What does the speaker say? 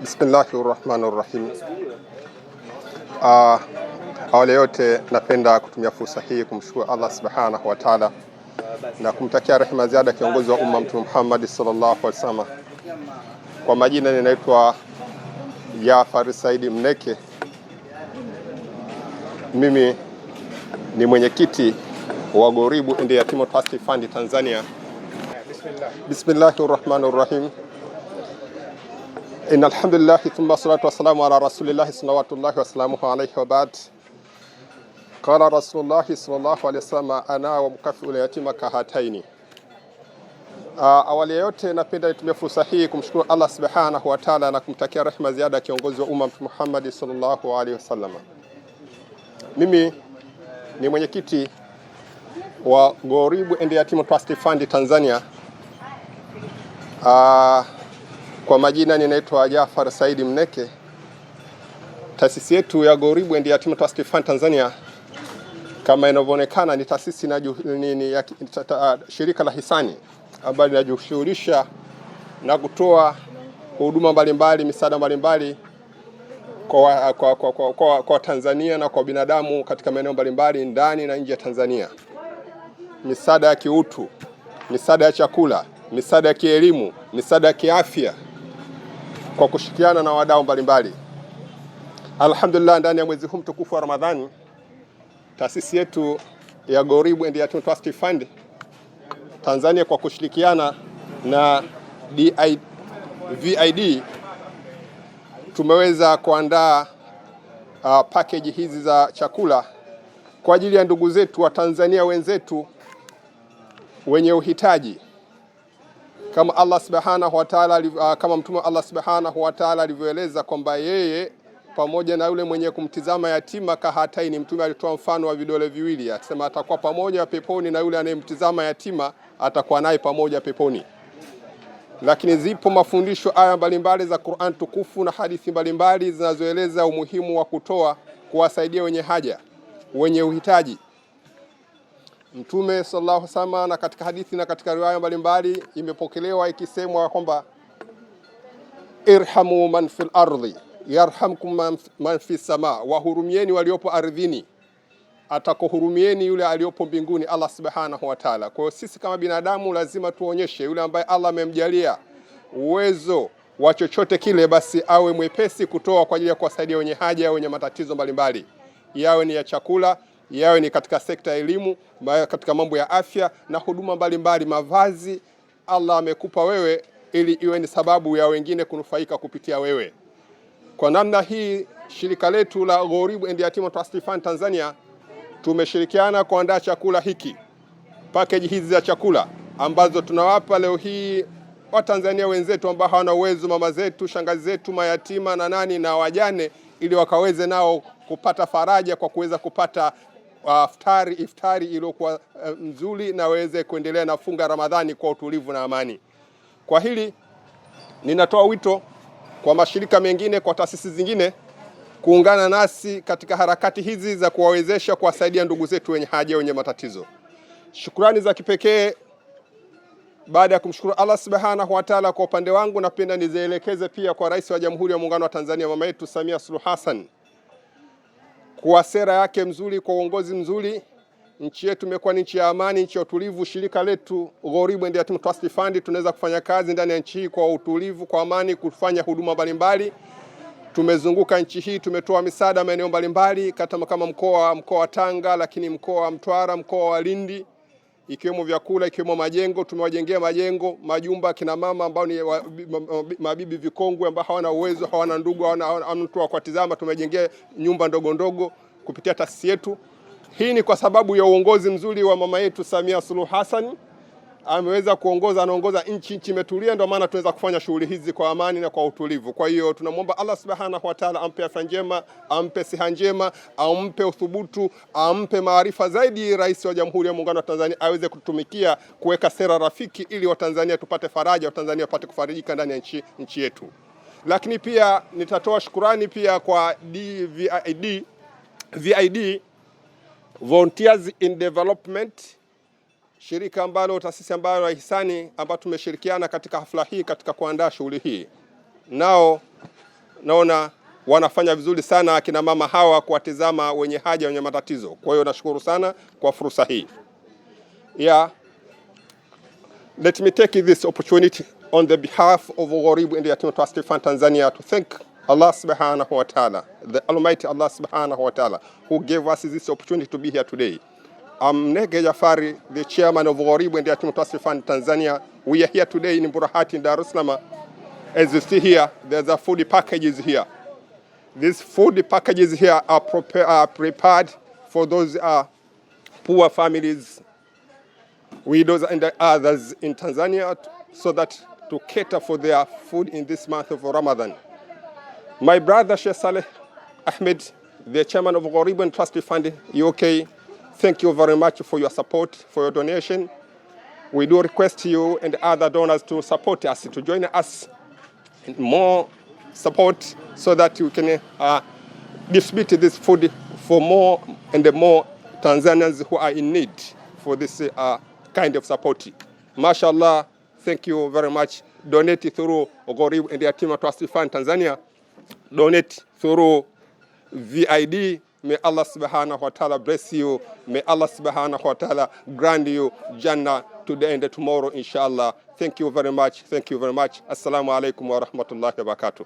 Bismillahi rahmani rahim. Uh, ah, awali yote napenda kutumia fursa hii kumshukuru Allah subhanahu wa taala na kumtakia rehema ziada kiongozi wa umma Mtume Muhammad sallallahu alaihi wasallam. Kwa majina ninaitwa Jafari Saidi Mneke, mimi ni mwenyekiti wa Goribu and Yatima Trust Fund Tanzania. Bismillahi rahmani rahim Inna alhamdulillahi thumma salatu wassalamu ala rasulillahi salawatullahi wasalamuhu alaihi wabad. Qala rasulullahi sallallahu alaihi wasallam ana wa mukafiul yatima kahataini. Uh, ah, awali ya yote napenda nitumie fursa hii kumshukuru Allah subhanahu wataala na kumtakia rehma ziada ya kiongozi wa umma Mtume Muhammad sallallahu alaihi wasallam. Mimi ni mwenyekiti wa Ghoribu and Yatima Trust Fund Tanzania. Uh, kwa majina ninaitwa Jafar Saidi Mneke. Taasisi yetu ya Goribu and Yatima Trust Fund Tanzania kama inavyoonekana ni taasisi na shirika la hisani ambayo linajishughulisha na kutoa huduma mbalimbali, misaada mbalimbali kwa, kwa, kwa, kwa, kwa, kwa Tanzania na kwa binadamu katika maeneo mbalimbali ndani na nje ya Tanzania, misaada ya kiutu, misaada ya chakula, misaada ya kielimu, misaada ya kiafya kwa kushirikiana na wadau mbalimbali. Alhamdulillah, ndani ya mwezi huu mtukufu wa Ramadhani, taasisi yetu ya Ghoribu and Yatim Trust Fund Tanzania kwa kushirikiana na DI, VID tumeweza kuandaa uh, package hizi za chakula kwa ajili ya ndugu zetu wa Tanzania wenzetu wenye uhitaji kama Allah subhanahu wa ta'ala, ah, kama mtume Allah subhanahu wa ta'ala alivyoeleza kwamba yeye pamoja na yule mwenye kumtizama yatima kahataini. Mtume alitoa mfano wa vidole viwili, akisema atakuwa pamoja peponi na yule anayemtizama yatima atakuwa naye pamoja peponi. Lakini zipo mafundisho, aya mbalimbali za Qur'an tukufu na hadithi mbalimbali zinazoeleza umuhimu wa kutoa, kuwasaidia wenye haja, wenye uhitaji Mtume sallallahu alaihi wasallam, na katika hadithi na katika riwaya mbalimbali imepokelewa ikisemwa kwamba irhamu man fil ardhi yarhamkum man fis sama, wahurumieni waliopo ardhini atakuhurumieni yule aliyopo mbinguni, Allah subhanahu wa taala. Kwa hiyo sisi kama binadamu lazima tuonyeshe yule ambaye Allah amemjalia uwezo wa chochote kile, basi awe mwepesi kutoa kwa ajili ya kuwasaidia wenye haja, wenye matatizo mbalimbali, yawe ni ya chakula yawe ni katika sekta ya elimu, katika mambo ya afya na huduma mbalimbali, mavazi. Allah amekupa wewe ili iwe ni sababu ya wengine kunufaika kupitia wewe. Kwa namna hii, shirika letu la Ghoribu and Yatima Trust Fund Tanzania tumeshirikiana kuandaa chakula hiki, package hizi za chakula ambazo tunawapa leo hii Watanzania wenzetu ambao hawana uwezo, mama zetu, shangazi zetu, mayatima na nani na wajane, ili wakaweze nao kupata faraja kwa kuweza kupata aftari iftari iliyokuwa eh, nzuri na waweze kuendelea na funga Ramadhani kwa utulivu na amani. Kwa hili ninatoa wito kwa mashirika mengine, kwa taasisi zingine kuungana nasi katika harakati hizi za kuwawezesha kuwasaidia ndugu zetu wenye haja, wenye matatizo. Shukrani za kipekee baada ya kumshukuru Allah Subhanahu wa Ta'ala, kwa upande wangu napenda nizielekeze pia kwa Rais wa Jamhuri ya Muungano wa Tanzania, mama yetu Samia Suluhu Hassan kwa sera yake mzuri, kwa uongozi mzuri, nchi yetu imekuwa ni nchi ya amani, nchi ya utulivu. Shirika letu Ghoribu and Yatima Trust Fund tunaweza kufanya kazi ndani ya nchi hii kwa utulivu, kwa amani, kufanya huduma mbalimbali. Tumezunguka nchi hii, tumetoa misaada maeneo mbalimbali, kata kama mkoa mkoa wa Tanga, lakini mkoa wa Mtwara, mkoa wa Lindi ikiwemo vyakula, ikiwemo majengo. Tumewajengea majengo, majumba kina mama ambao ni mabibi vikongwe ambao hawana uwezo, hawana ndugu, hawana mtu wa kuwatizama. Tumejengea nyumba ndogo ndogo kupitia taasisi yetu. Hii ni kwa sababu ya uongozi mzuri wa mama yetu Samia Suluhu Hassan ameweza kuongoza, anaongoza nchi, nchi imetulia. Ndio maana tunaweza kufanya shughuli hizi kwa amani na kwa utulivu. Kwa hiyo tunamwomba Allah subhanahu wa taala ampe afya njema, ampe siha njema, ampe uthubutu, ampe maarifa zaidi, rais wa Jamhuri ya Muungano wa Tanzania aweze kutumikia kuweka sera rafiki, ili Watanzania tupate faraja, Watanzania wapate kufarijika ndani ya nchi, nchi yetu. Lakini pia nitatoa shukurani pia kwa DVID, VID Volunteers in Development shirika ambalo taasisi ambayo la hisani ambayo tumeshirikiana katika hafla hii katika kuandaa shughuli hii, nao naona wanafanya vizuri sana akina mama hawa kuwatizama wenye haja, wenye matatizo. Kwa hiyo nashukuru sana kwa fursa hii ya Let me take this opportunity on the behalf of Ghoribu and Yatima Trust Fund Tanzania to thank Allah subhanahu wa ta'ala, the Almighty Allah subhanahu wa ta'ala who gave us this opportunity to be here today. I'm Nege Jafari, the chairman of Ghoribu and Yatim Trust Fund Tanzania. We are here today in Burahati in Dar es Salaam. As you see here, there's a food packages here. These food packages here are, prepare, are prepared for those uh, poor families, widows and others in Tanzania so that to cater for their food in this month of Ramadan. My brother Sheikh Saleh Ahmed, the chairman of Ghoribu and Trust Fund UK, Thank you very much for your support, for your donation. We do request you and other donors to support us, to join us in more support so that you can uh, distribute this food for more and more Tanzanians who are in need for this uh, kind of support. Mashallah, thank you very much. Donate through Ogorib and the at Trust Fund Tanzania. Donate through VID May Allah subhanahu wa ta'ala bless you. May Allah subhanahu wa ta'ala grant you Jannah today and tomorrow, inshallah. Thank you very much. Thank you very much. Assalamu alaikum wa rahmatullahi wa barakatuh.